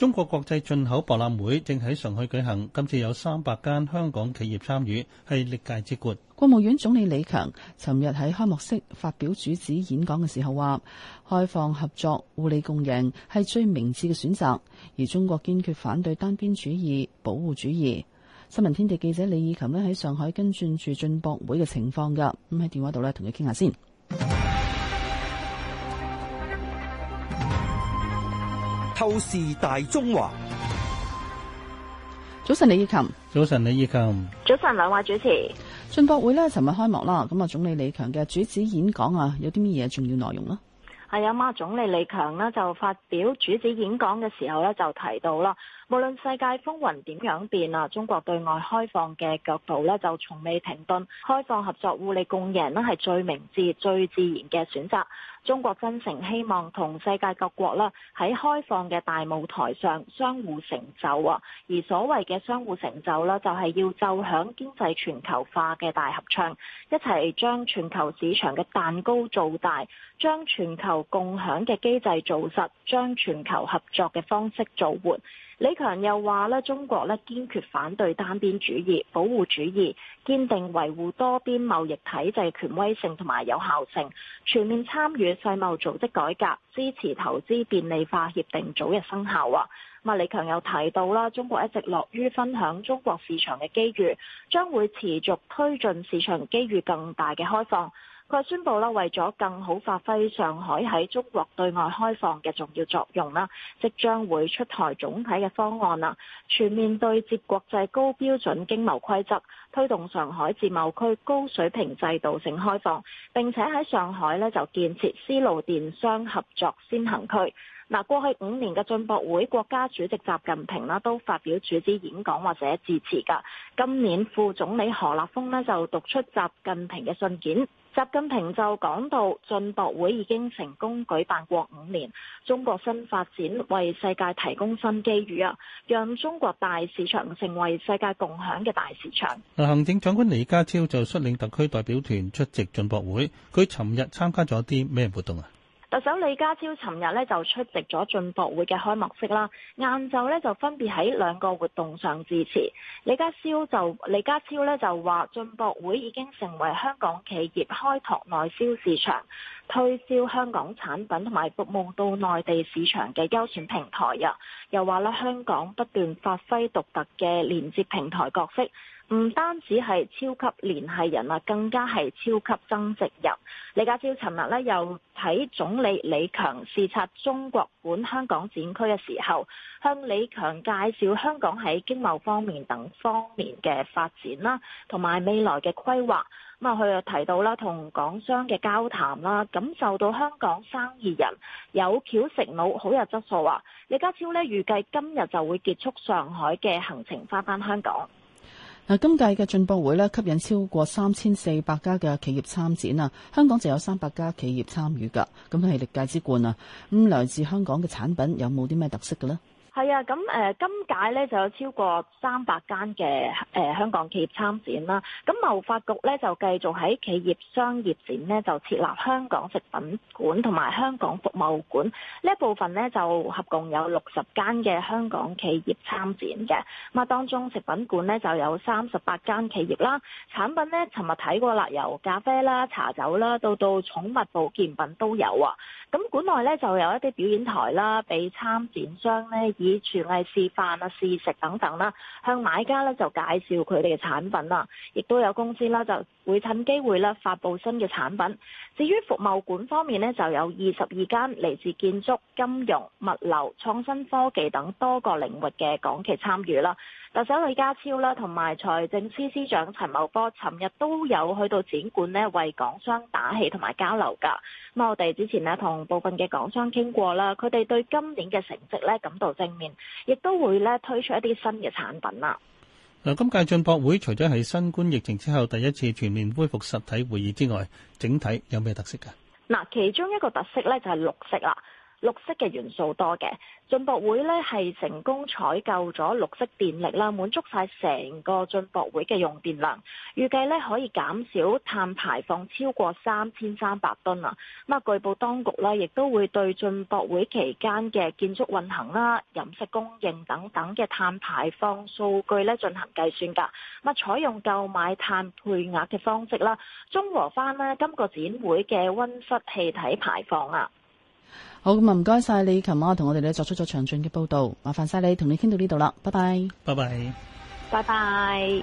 中國國際進口博覽會正喺上海舉行，今次有三百間香港企業參與，係歷屆之冠。國務院總理李強尋日喺開幕式發表主旨演講嘅時候話，開放合作、互利共贏係最明智嘅選擇，而中國堅決反對單邊主義、保護主義。新聞天地記者李意琴咧喺上海跟進住進博會嘅情況噶，咁喺電話度呢，同佢傾下先。透視大中華。早晨，李意琴。早晨，李意琴。早晨，兩位主持。進博會咧，尋日開幕啦。咁啊，總理李強嘅主旨演講啊，有啲乜嘢重要內容咧？係啊，嘛、哎，總理李強呢就發表主旨演講嘅時候呢就提到啦，無論世界風雲點樣變啊，中國對外開放嘅腳步呢就從未停頓，開放合作互利共贏呢係最明智、最自然嘅選擇。中國真誠希望同世界各國啦喺開放嘅大舞台上相互成就啊。而所謂嘅相互成就呢，就係要奏響經濟全球化嘅大合唱，一齊將全球市場嘅蛋糕做大，將全球共享嘅機制，做實，將全球合作嘅方式做活。李強又話咧，中國咧堅決反對單邊主義、保護主義，堅定維護多邊貿易體制權威性同埋有效性，全面參與世貿組織改革，支持投資便利化協定早日生效。啊，啊，李強又提到啦，中國一直樂於分享中國市場嘅機遇，將會持續推進市場機遇更大嘅開放。佢宣布啦，為咗更好發揮上海喺中國對外開放嘅重要作用啦，即將會出台總體嘅方案啦，全面對接國際高標準經貿規則，推動上海自貿區高水平制度性開放。並且喺上海咧就建設絲路電商合作先行區嗱，過去五年嘅進博會國家主席習近平啦都發表主旨演講或者致辭噶，今年副總理何立峰咧就讀出習近平嘅信件。習近平就講到，進博會已經成功舉辦過五年，中國新發展為世界提供新機遇啊，讓中國大市場成為世界共享嘅大市場。行政長官李家超就率領特區代表團出席進博會，佢尋日參加咗啲咩活動啊？特首李家超尋日咧就出席咗進博會嘅開幕式啦，晏晝咧就分別喺兩個活動上致辭。李家超就李家超咧就話，進博會已經成為香港企業開拓內銷市場、推銷香港產品同埋服務到內地市場嘅優選平台啊。又話咧，香港不斷發揮獨特嘅連接平台角色。唔單止係超級聯繫人啊，更加係超級增值人。李家超尋日呢又喺總理李強視察中國館香港展區嘅時候，向李強介紹香港喺經貿方面等方面嘅發展啦，同埋未來嘅規劃。咁啊，佢又提到啦，同港商嘅交談啦，感受到香港生意人有巧食腦，好有質素啊。李家超呢預計今日就會結束上海嘅行程，翻返香港。嗱，今屆嘅進博會咧，吸引超過三千四百家嘅企業參展啊！香港就有三百家企業參與㗎，咁係歷屆之冠啊！咁來自香港嘅產品有冇啲咩特色㗎咧？係啊，咁誒、嗯、今屆咧就有超過三百間嘅誒、呃、香港企業參展啦。咁貿發局咧就繼續喺企業商業展呢就設立香港食品館同埋香港服務館，呢一部分咧就合共有六十間嘅香港企業參展嘅。咁啊，當中食品館咧就有三十八間企業啦，產品咧尋日睇過啦，由咖啡啦、茶酒啦，到到寵物保健品都有啊。咁館內咧就有一啲表演台啦，俾參展商咧以以廚藝示範啊、試食等等啦，向買家咧就介紹佢哋嘅產品啊，亦都有公司啦，就會趁機會咧發布新嘅產品。至於服務館方面咧，就有二十二間嚟自建築、金融、物流、創新科技等多個領域嘅港企參與啦。特首李家超啦，同埋財政司司長陳茂波，尋日都有去到展館呢，為港商打氣同埋交流㗎。咁我哋之前呢同部分嘅港商傾過啦，佢哋對今年嘅成績呢感到正面，亦都會呢推出一啲新嘅產品啦。嗱，今屆進博會除咗喺新冠疫情之後第一次全面恢復實體會議之外，整體有咩特色㗎？嗱，其中一個特色呢就係綠色啦。綠色嘅元素多嘅，進博會呢，係成功採購咗綠色電力啦，滿足晒成個進博會嘅用電量，預計呢，可以減少碳排放超過三千三百噸啊！咁啊，據報當局呢，亦都會對進博會期間嘅建築運行啦、飲食供應等等嘅碳排放數據呢進行計算噶，咁啊，採用購買碳配額嘅方式啦，中和翻呢今個展會嘅温室氣體排放啊。好，咁啊！唔該晒你，琴晚同我哋咧作出咗詳盡嘅報道，麻煩晒你，同你傾到呢度啦，拜拜，拜拜，拜拜。